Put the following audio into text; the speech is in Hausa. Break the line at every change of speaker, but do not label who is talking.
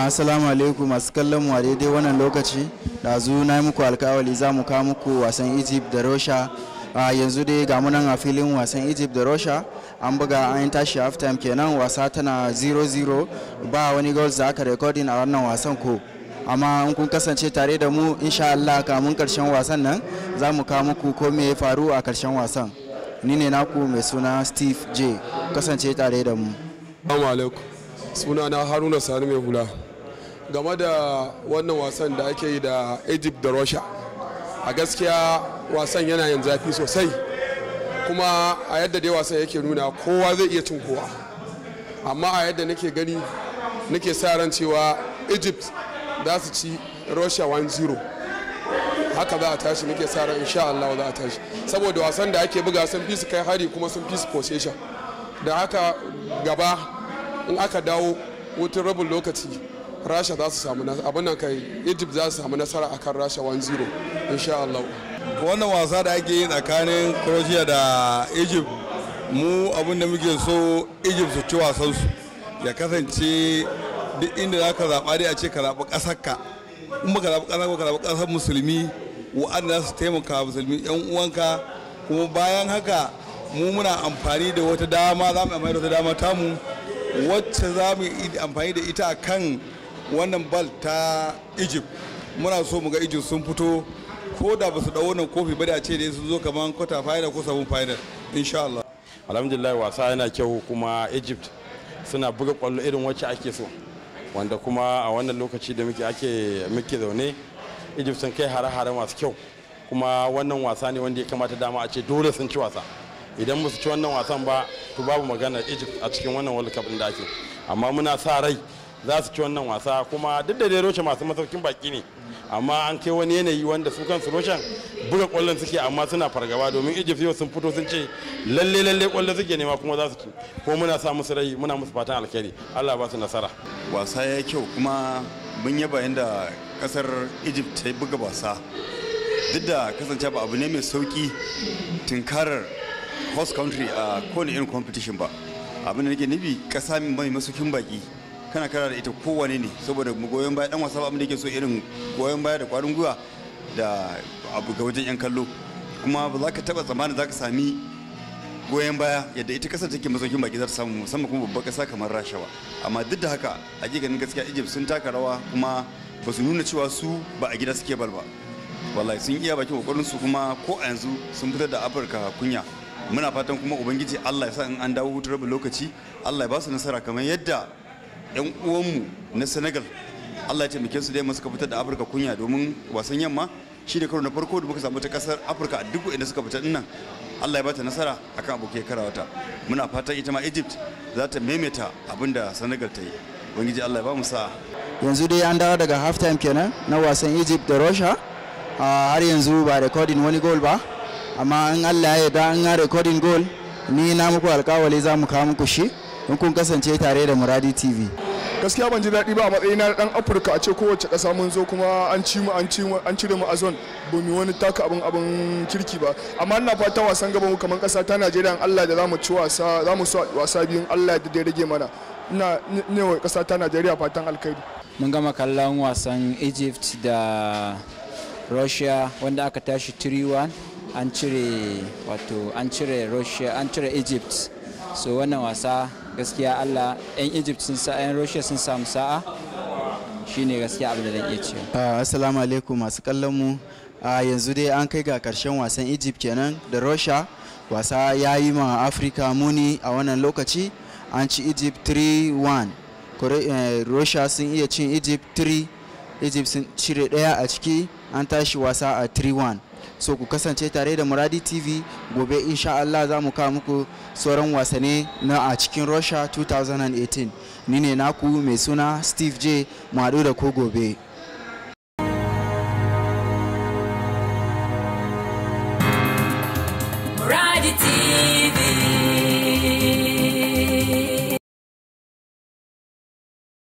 Assalamu alaikum masu kallon mu a daidai wannan lokaci da zu na yi muku alkawali za mu kawo muku wasan Egypt da Russia a yanzu dai ga munan a filin wasan Egypt da Russia an buga an tashi half time kenan wasa tana 0-0 ba wani goals da aka recording a wannan wasan ko amma in kun kasance tare da mu insha Allah kamun karshen wasan nan za mu kawo muku ko me ya faru a karshen wasan ni ne naku mai suna Steve J kasance tare da mu alaikum Suna na haruna sani mai hula
game da wannan wasan da ake yi da egypt da russia a gaskiya wasan yana yin zafi sosai kuma a yadda dai wasan yake nuna kowa zai iya cin kowa amma a yadda nake gani nake sa ran cewa egypt za su ci russia 1-0 haka za a tashi nake sa ran insha Allah za a tashi saboda wasan da ake buga sun fi su kai hari kuma sun fi su sha da haka gaba in aka dawo hutun rabin lokaci rasha za su samu abin nan kai egypt za su samu nasara a kan rasha 1-0 sha Allah wannan wasa da ake yi tsakanin croatia da egypt mu abin da muke so egypt su ci wasansu ya kasance duk inda za ka zaɓa dai a ce ka zaɓi ƙasarka in ba ka zaɓi ƙasar ba ka zaɓi ƙasar musulmi wa'anda za su taimaka musulmi yan uwanka kuma bayan haka mu muna amfani da wata dama za mu amfani da wata dama tamu wacce za mu yi amfani da ita kan wannan bal ta egypt muna so mu ga egypt sun fito
ko da ba su da wannan kofi ba da ce da sun zo kamar kwata final ko sabon final insha Allah alhamdulillah wasa yana kyau kuma egypt suna buga kwallo irin wacce ake so wanda kuma a wannan lokaci da muke ake muke zaune egypt sun kai hare-hare masu kyau kuma wannan wasa ne wanda ya kamata dama a ce dole sun ci wasa idan ba su ci wannan wasan ba to babu magana egypt a cikin wannan world cup da ake amma muna sa rai za su ci wannan wasa kuma duk da dai roshe masu masaukin baki ne amma an kai wani yanayi wanda su kansu roshen buga kwallon suke amma suna fargaba domin egypt yau sun fito sun ce lalle lalle kwallon suke nema kuma za su ci ko muna sa musu rai muna musu fatan alkhairi allah ba su nasara wasa ya kyau kuma mun yaba yadda kasar egypt ta buga wasa
duk da kasance ba abu ne mai sauki tunkarar host country a uh, kowane irin competition ba abin da nake nufi kasa mai masukin baki kana kara da ita kowane ne saboda goyon baya dan wasa ba abin da yake so irin goyon baya da kwarin gwiwa da abu ga wajen yan kallo kuma ba za ka taba tsammanin za ka sami goyon baya yadda ita kasar take masaukin baki za ta samu musamman kuma babbar kasa kamar rashawa amma duk da haka a ganin gaskiya egypt sun taka rawa kuma ba su nuna cewa su ba a gida suke bal ba wallahi sun iya bakin kokarin su kuma ko a yanzu sun fitar da afirka kunya muna fatan kuma ubangiji allah ya sa in an dawo hutu rabin lokaci allah ya ba su nasara kamar yadda yan uwanmu na senegal allah ya taimake su dai suka fitar da afirka kunya domin wasan yamma shi ne karo na farko da muka samu ta kasar afirka a duk inda suka fita dinnan allah ya bata nasara akan abokai karawata muna fatan ita ma egypt za ta maimaita abin da senegal ta yi ubangiji
allah ya ba mu sa'a yanzu dai an dawo daga half time kenan na wasan egypt da russia ah, har yanzu ba recording wani goal ba amma in Allah ya yarda an recording goal ni na muku alkawali za mu kawo muku shi in kun kasance tare da Muradi TV gaskiya
ban ji daɗi ba a matsayin na dan Afirka a ce kowace ƙasa mun zo kuma an ci mu an ci mu an cire mu a zone ba mu wani taka abin abin kirki ba amma ina fata wasan gaba mu kamar ƙasa ta Najeriya in Allah da za mu ci wasa zamu so wasa biyun Allah da ya rage mana ina ne wa ƙasa ta Najeriya
fatan alkhairi mun gama kallon wasan Egypt da Russia wanda aka tashi 3-1 an cire wato an cire russia an cire egypt so wannan wasa gaskiya allah 'yan egypt sun sa 'yan russia sun samu sa'a shine gaskiya abin da zan iya ce. Ah, assalamu alaikum masu kallon mu ah, yanzu dai an kai ga karshen wasan egypt kenan da russia wasa ya yi ma afirka muni a wannan lokaci an ci egypt 3-1 eh, russia sun iya cin egypt 3 egypt sun cire daya a ciki an tashi wasa a 3-1 so ku kasance tare da muradi tv gobe insha Allah za mu kawo muku sauran wasanni na a cikin russia 2018 ni ne naku mai suna steve j mu da ko gobe